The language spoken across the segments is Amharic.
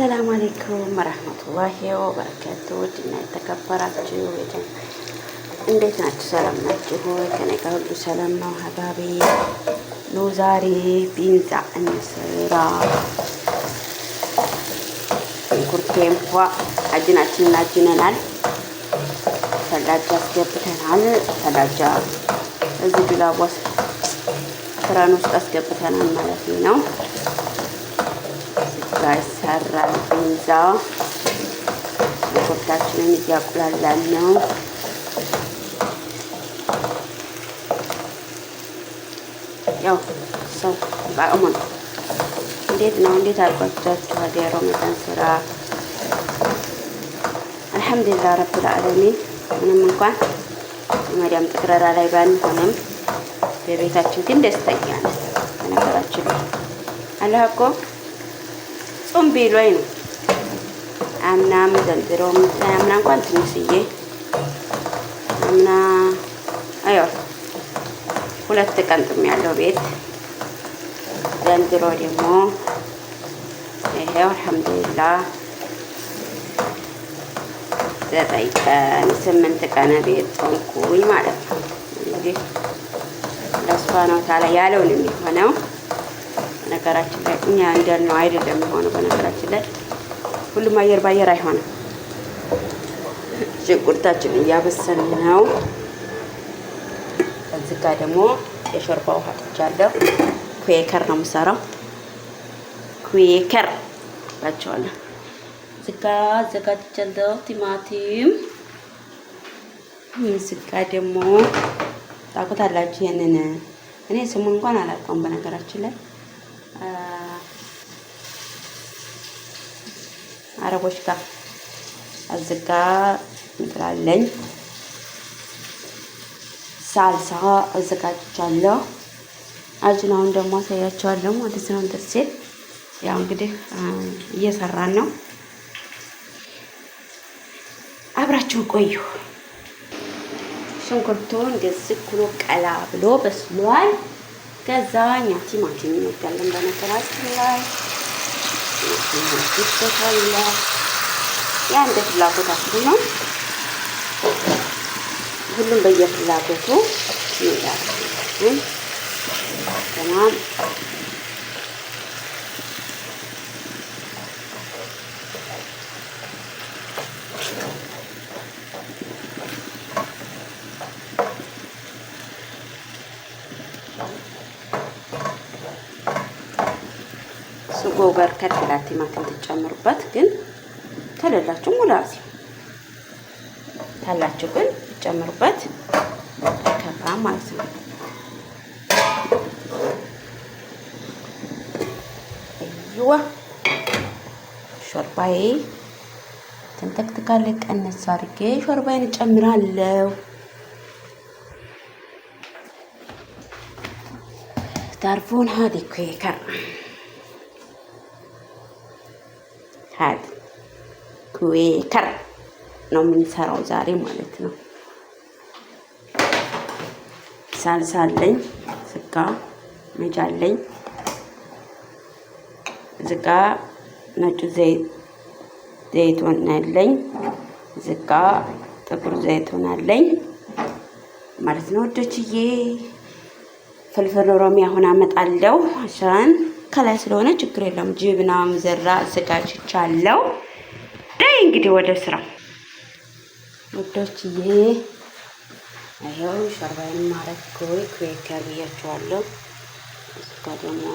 ሰላም አሌይኩም ረህመቱላሂ ወበረካቱ። ውድና የተከበራችሁ እንዴት ናችሁ? ሰላም ናችሁ? ከኔ ጋር ሁሉ ሰላም ነው። ሀባቢ ኑ ዛሬ ቢንዛ እንስራ። ሽንኩርቴ እንኳ አጅናችንን አጅነናል። ሰላጃ አስገብተናል። ሰላጃ እዚህ ዱላቧ ፍረን ውስጥ አስገብተናል ማለት ነው። ስጋ ይሰራል። ቢንዛ ሽንኩርታችንን እያቁላላን ነው። ያው ሰው በአቅሙ ነው። እንዴት ነው? እንዴት አድርጓችኋል? የሮመዳን ስራ አልሐምዱሊላህ ረብል ዓለሚን። ምንም እንኳን የመዳም ጥቅረራ ላይ ባንሆንም በቤታችን ግን ደስተኛ ነን። በነገራችን አለ አኮ ጾም ቤሎይ ነው። አምናም ዘንድሮም አምና እንኳን ትንሽዬ አምና አዮ ሁለት ቀን ጥም ያለው ቤት ዘንድሮ ደግሞ ይሄው አልሐምዱሊላህ ዘጠኝ ቀን ስምንት ቀን ቤት ጾምኩኝ ማለት ነው። እንግዲህ ለእሷ ነው ታላ ያለውን የሚሆነው ነገራችን ላይ እኛ እንዳልነው አይደለም የሆነው። በነገራችን ላይ ሁሉም አየር ባየር አይሆንም። ሽንኩርታችን እያበሰን ነው። እዚህ ጋር ደግሞ የሾርባ ውሃ ጥጃለሁ። ኩዌከር ነው የምሰራው። ኩዌከር ባቸዋለሁ። እዚህ ጋ አዘጋጅቻለሁ ቲማቲም። እዚህ ጋ ደግሞ ታውቁታላችሁ ይሄንን እኔ ስሙ እንኳን አላውቀውም በነገራችን ላይ አረቦች ጋር አዝጋ ምጥላለኝ ሳልሳ አዘጋጅቻለሁ። አጅናውን ደግሞ አሳያቸዋለሁ ማለት ነው። እንደዚህ ያው እንግዲህ እየሰራን ነው። አብራችሁ ቆዩ። ሽንኩርቱ እንደዚህ ኩሎ ቀላ ብሎ በስሏል። ከዛ እኛ ቲማቲም እንወዳለን። በነገራችን ላይ ይበታለ ያ እንደ ፍላጎታችሁ ነው። ሁሉም በየፍላጎቱ ይላል። ጎበር ጋር ከሌላ ቲማቲም ትጨምሩበት፣ ግን ከሌላችሁ ሙላዚ ካላችሁ ግን ትጨምሩበት። ከባ ማለት ነው። እዩዋ ሾርባዬ ተንተክትካለ ቀነስ አድርጌ ሾርባዬን እጨምራለሁ። تعرفون ሀዲኩ كيكة ከር ኩዌከር ነው የምንሰራው ዛሬ ማለት ነው። ሳልሳ አለኝ፣ ስጋ መጃለኝ፣ ዝጋ ነጩ ዘይት ዘይቱን አለኝ፣ ዝጋ ጥቁር ዘይቱን አለኝ ማለት ነው። ወዶችዬ ፍልፍል ሮሚ አሁን አመጣለሁ አሻን ከላይ ስለሆነ ችግር የለም። ጅብና ምዘራ አዘጋጅቻለሁ። ዳይ እንግዲህ ወደ ስራ ውዶችዬ። ይኸው ሸርባይን ማለት ኮይ ኩዌክ ያብያቸዋለሁ። እዚህ ጋ ደግሞ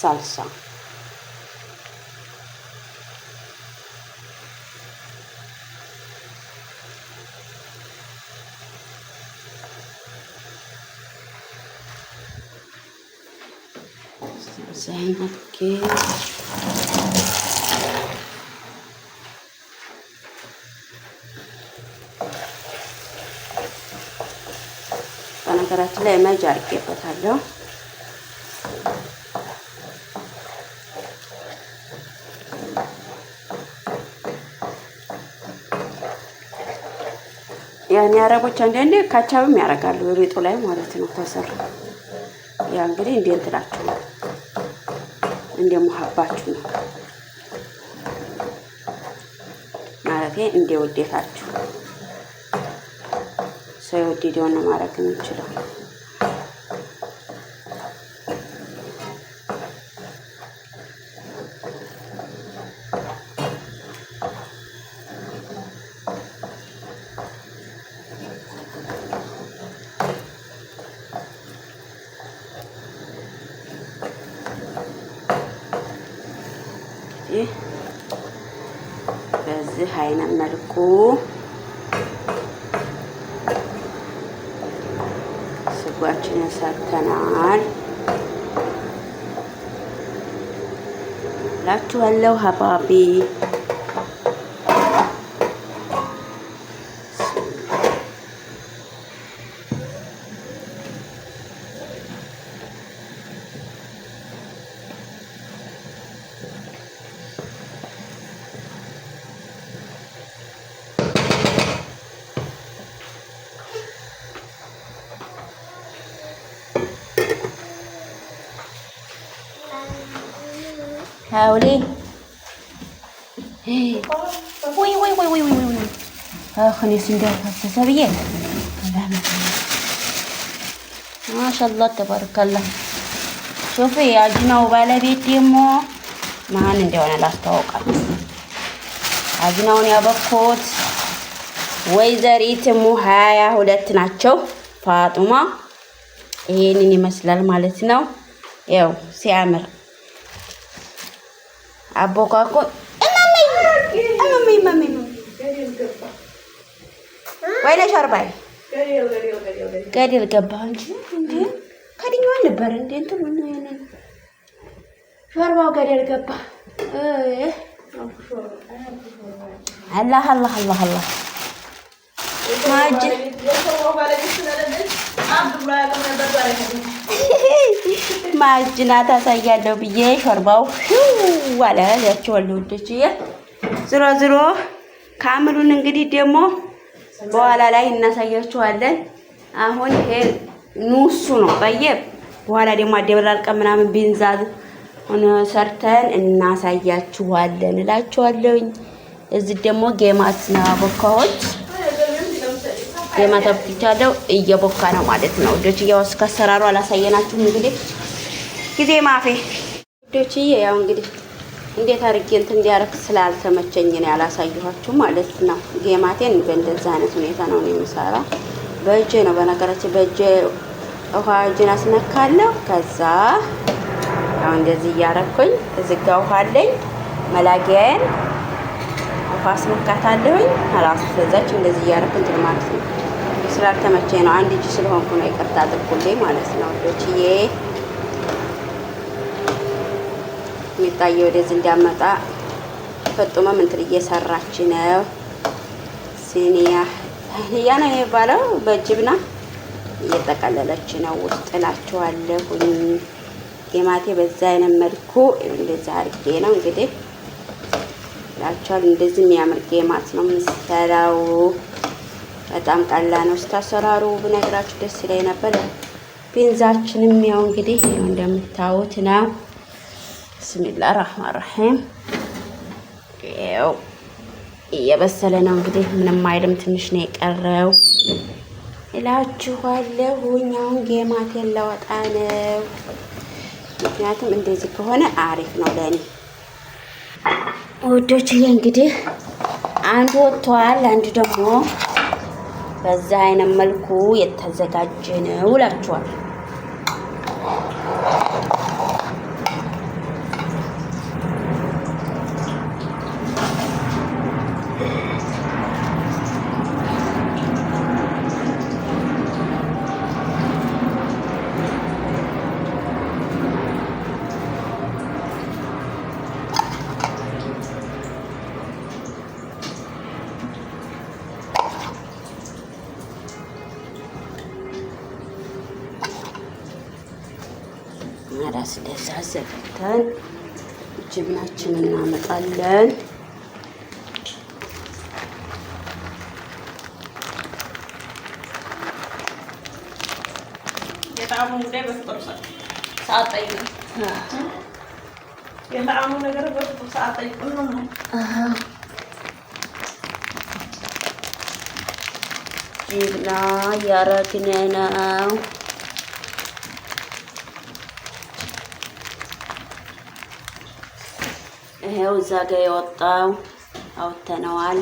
ሳልሳ እዛን አድርጌ በነገራችን ላይ መጅ አድርጌበታለሁ። ያኔ አረቦች አንዳንዴ ካቻብም ያደርጋሉ በቤቱ ላይ ማለት ነው። ተሰራ ያ እንግዲህ እንዴት ትላችሁ ነው እንደ ነው ማለት እንደ ውዴታችሁ ሰው የወደደውን ነው ማለት በዚህ አይነት መልኩ ስጓችንን ሰርተናል ላችኋለሁ ሀባቢ ሀውሌ ወይ ወይ ወይ ወይ ወይ ወይ አሁን የስንዴው ብዬ ማሻአላህ ተባረከላህ። ሾፌ አጅናው ባለቤት ደግሞ ማን እንደሆነ ላስተዋውቃችሁ። አጅናውን ያበኮት! ወይዘሪት እሙ ሀያ ሁለት ናቸው። ፋጡማ ይሄንን ይመስላል ማለት ነው። ያው ሲያምር አቦካኮ ወይኔ ሸርባይ ገደል ገባ እንጂ እንዴ ከድኛዋ ነበር እንዴ እንትኑ ሾርባው ገደል ገባ። አላህ አላህ አላህ አላህ ማጅ ማጅና ታሳያለሁ ብዬ ሾርባው ዋለ ያቸዋል። ውዶችዬ ዝሮ ዝሮ ከአምሉን እንግዲህ ደግሞ በኋላ ላይ እናሳያችኋለን። አሁን ይሄ ኑሱ ነው ቀየ። በኋላ ደግሞ አደበላልቀ ምናምን ቢንዛዝ ሆነ ሰርተን እናሳያችኋለን እላችኋለሁኝ። እዚህ ደግሞ ጌማት ነው አቦካዎች ጌማት አብቅቻለሁ እየቦካ ነው ማለት ነው። ልጆች ያው እስከ አሰራሩ አላሳየናችሁም እንግዲህ ጊዜ ማፌ ዶችዬ ያው እንግዲህ እንዴት አድርጌ እንትን እንዲያረግ ስላልተመቸኝ ነው ያላሳየኋችሁ ማለት ነው። ጌማቴን በእንደዛ አይነት ሁኔታ ነው የምሰራ። በእጄ ነው በነገራችን፣ በእጄ ውሃ እጅን አስነካለሁ። ከዛ ያው እንደዚህ እያረኩኝ እዝጋ ውሃ አለኝ። መላጊያዬን ውሃ አስመካታለሁኝ። ራሱ ስለዛች እንደዚህ እያረኩ እንትን ማለት ነው። ስላልተመቸኝ ነው አንድ እጅ ስለሆንኩ ነው። ይቅርታ አድርጉልኝ ማለት ነው ዶችዬ ሚጣዬ ወደዚህ እንዳመጣ ፈጥሞም እንትን እየሰራች ነው። ሲኒያ ያ ነው የሚባለው በጅብና እየጠቀለለች ነው ውስጥ እላችኋለሁኝ። ጌማቴ በዛ አይነት መልኩ እንደዚህ አድርጌ ነው እንግዲህ እላችኋለሁ። እንደዚህ የሚያምር ጌማት ነው የምንሰራው። በጣም ቀላል ነው ስታሰራሩ ብነግራችሁ ደስ ይለኝ ነበር። ፒንዛችንም ያው እንግዲህ እንደምታዩት ነው። ብስሚላ ራህማን ራሒም ው እየበሰለ ነው እንግዲህ ምንም አይልም። ትንሽ ነው የቀረው እላችኋለሁኝ። አሁን ጌማቴን ላወጣ ነው። ምክንያቱም እንደዚህ ከሆነ አሪፍ ነው ለእኔ ውዶችዬ። እንግዲህ አንዱ ወጥቷል፣ አንዱ ደግሞ በዛ አይነት መልኩ የተዘጋጀ ነው እላችኋል። መጀመሪያ ስለዛ አዘጋጅተን ጅብናችን እናመጣለን። የጣዕሙ ጉዳይ በፍቅሩ ነገር በፍቅሩ ሰዓት ጠይቁ ነው። ጅብና እያረግን ነው። ይሄው እዛ ጋር የወጣው አውጥተነዋል።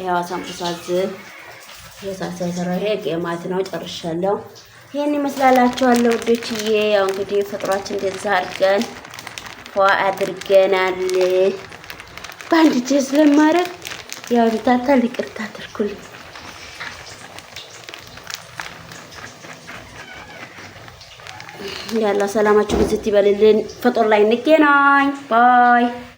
ይሄው አሳምቡሳ ዝህ የሳሳ ይሄ ቄማት ነው። ጨርሻለሁ። ይሄን ይመስላላችኋለሁ ውዶችዬ። ያው እንግዲህ ፍጥሯችን እንደዛ አድርገን ፏ አድርገናል። በአንድ እጄ ስለማረግ ያው ልታታል ይቅርታ አድርጉልኝ። ያላ ሰላማችሁ ብዝት ይበልልን። ፍጡር ላይ እንገናኝ ባይ